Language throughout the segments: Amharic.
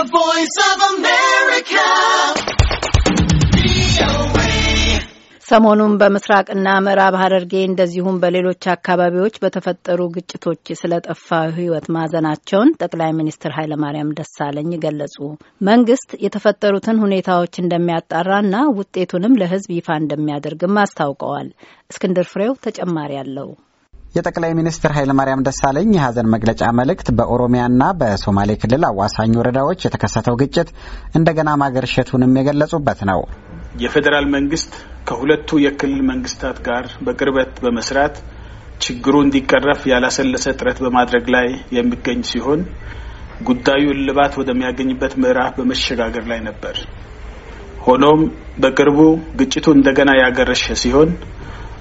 The Voice of America. ሰሞኑን በምስራቅና ምዕራብ ሐረርጌ እንደዚሁም በሌሎች አካባቢዎች በተፈጠሩ ግጭቶች ስለጠፋ ሕይወት ማዘናቸውን ጠቅላይ ሚኒስትር ኃይለማርያም ደሳለኝ ገለጹ። መንግስት የተፈጠሩትን ሁኔታዎች እንደሚያጣራና ውጤቱንም ለሕዝብ ይፋ እንደሚያደርግም አስታውቀዋል። እስክንድር ፍሬው ተጨማሪ አለው። የጠቅላይ ሚኒስትር ኃይለማርያም ደሳለኝ የሀዘን መግለጫ መልእክት በኦሮሚያና በሶማሌ ክልል አዋሳኝ ወረዳዎች የተከሰተው ግጭት እንደገና ማገርሸቱንም የገለጹበት ነው። የፌዴራል መንግስት ከሁለቱ የክልል መንግስታት ጋር በቅርበት በመስራት ችግሩ እንዲቀረፍ ያላሰለሰ ጥረት በማድረግ ላይ የሚገኝ ሲሆን ጉዳዩ እልባት ወደሚያገኝበት ምዕራፍ በመሸጋገር ላይ ነበር። ሆኖም በቅርቡ ግጭቱ እንደገና ያገረሸ ሲሆን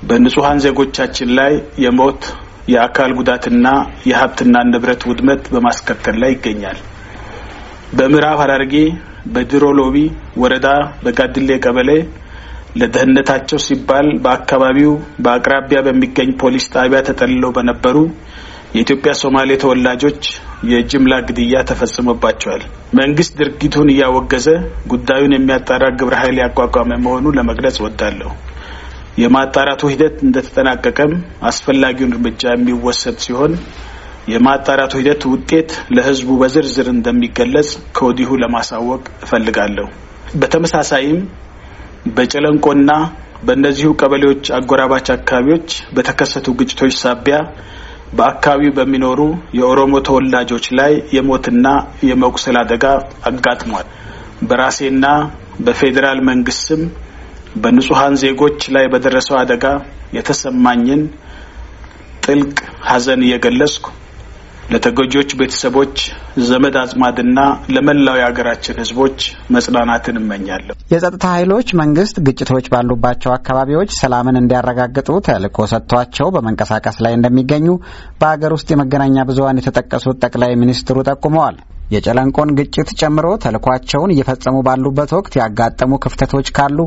በንጹሐን ዜጎቻችን ላይ የሞት የአካል ጉዳትና የሀብትና ንብረት ውድመት በማስከተል ላይ ይገኛል። በምዕራብ ሐረርጌ በድሮ ሎቢ ወረዳ በጋድሌ ቀበሌ ለደህንነታቸው ሲባል በአካባቢው በአቅራቢያ በሚገኝ ፖሊስ ጣቢያ ተጠልለው በነበሩ የኢትዮጵያ ሶማሌ ተወላጆች የጅምላ ግድያ ተፈጽሞባቸዋል። መንግስት ድርጊቱን እያወገዘ ጉዳዩን የሚያጣራ ግብረ ኃይል ያቋቋመ መሆኑን ለመግለጽ እወዳለሁ። የማጣራቱ ሂደት እንደተጠናቀቀም አስፈላጊውን እርምጃ የሚወሰድ ሲሆን የማጣራቱ ሂደት ውጤት ለሕዝቡ በዝርዝር እንደሚገለጽ ከወዲሁ ለማሳወቅ እፈልጋለሁ። በተመሳሳይም በጨለንቆና በእነዚሁ ቀበሌዎች አጎራባች አካባቢዎች በተከሰቱ ግጭቶች ሳቢያ በአካባቢው በሚኖሩ የኦሮሞ ተወላጆች ላይ የሞትና የመቁሰል አደጋ አጋጥሟል። በራሴና በፌዴራል መንግስት ስም በንጹሐን ዜጎች ላይ በደረሰው አደጋ የተሰማኝን ጥልቅ ሐዘን እየገለጽኩ ለተጎጂዎች ቤተሰቦች፣ ዘመድ አዝማድና ለመላው የሀገራችን ሕዝቦች መጽናናትን እመኛለሁ። የጸጥታ ኃይሎች መንግስት ግጭቶች ባሉባቸው አካባቢዎች ሰላምን እንዲያረጋግጡ ተልዕኮ ሰጥቷቸው በመንቀሳቀስ ላይ እንደሚገኙ በአገር ውስጥ የመገናኛ ብዙኃን የተጠቀሱት ጠቅላይ ሚኒስትሩ ጠቁመዋል። የጨለንቆን ግጭት ጨምሮ ተልኳቸውን እየፈጸሙ ባሉበት ወቅት ያጋጠሙ ክፍተቶች ካሉ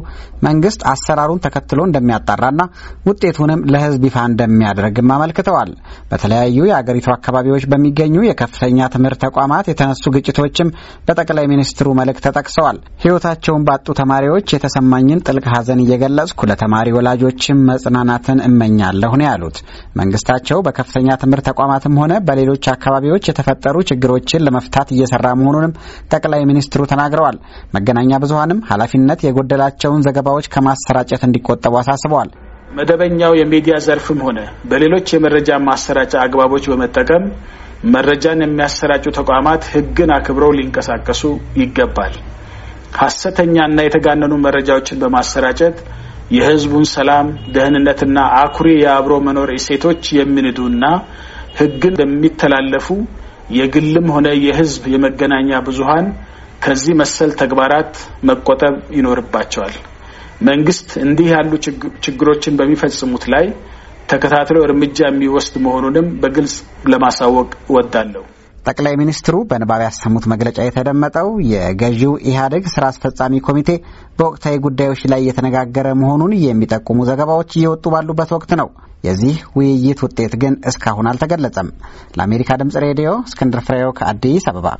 መንግስት አሰራሩን ተከትሎ እንደሚያጣራና ውጤቱንም ለሕዝብ ይፋ እንደሚያደርግም አመልክተዋል። በተለያዩ የአገሪቱ አካባቢዎች በሚገኙ የከፍተኛ ትምህርት ተቋማት የተነሱ ግጭቶችም በጠቅላይ ሚኒስትሩ መልእክት ተጠቅሰዋል። ሕይወታቸውን ባጡ ተማሪዎች የተሰማኝን ጥልቅ ሐዘን እየገለጽኩ ለተማሪ ወላጆችም መጽናናትን እመኛለሁ ነው ያሉት። መንግስታቸው በከፍተኛ ትምህርት ተቋማትም ሆነ በሌሎች አካባቢዎች የተፈጠሩ ችግሮችን ለመፍታት እየሰራ መሆኑንም ጠቅላይ ሚኒስትሩ ተናግረዋል። መገናኛ ብዙሀንም ኃላፊነት የጎደላቸውን ዘገባዎች ከማሰራጨት እንዲቆጠቡ አሳስበዋል። መደበኛው የሚዲያ ዘርፍም ሆነ በሌሎች የመረጃ ማሰራጫ አግባቦች በመጠቀም መረጃን የሚያሰራጩ ተቋማት ሕግን አክብረው ሊንቀሳቀሱ ይገባል። ሐሰተኛና የተጋነኑ መረጃዎችን በማሰራጨት የሕዝቡን ሰላም፣ ደህንነትና አኩሪ የአብሮ መኖር እሴቶች የሚንዱና ሕግን የሚተላለፉ የግልም ሆነ የህዝብ የመገናኛ ብዙሀን ከዚህ መሰል ተግባራት መቆጠብ ይኖርባቸዋል። መንግስት እንዲህ ያሉ ችግሮችን በሚፈጽሙት ላይ ተከታትሎ እርምጃ የሚወስድ መሆኑንም በግልጽ ለማሳወቅ እወዳለሁ። ጠቅላይ ሚኒስትሩ በንባብ ያሰሙት መግለጫ የተደመጠው የገዢው ኢህአዴግ ስራ አስፈጻሚ ኮሚቴ በወቅታዊ ጉዳዮች ላይ የተነጋገረ መሆኑን የሚጠቁሙ ዘገባዎች እየወጡ ባሉበት ወቅት ነው። የዚህ ውይይት ውጤት ግን እስካሁን አልተገለጸም። ለአሜሪካ ድምጽ ሬዲዮ እስክንድር ፍሬው ከአዲስ አበባ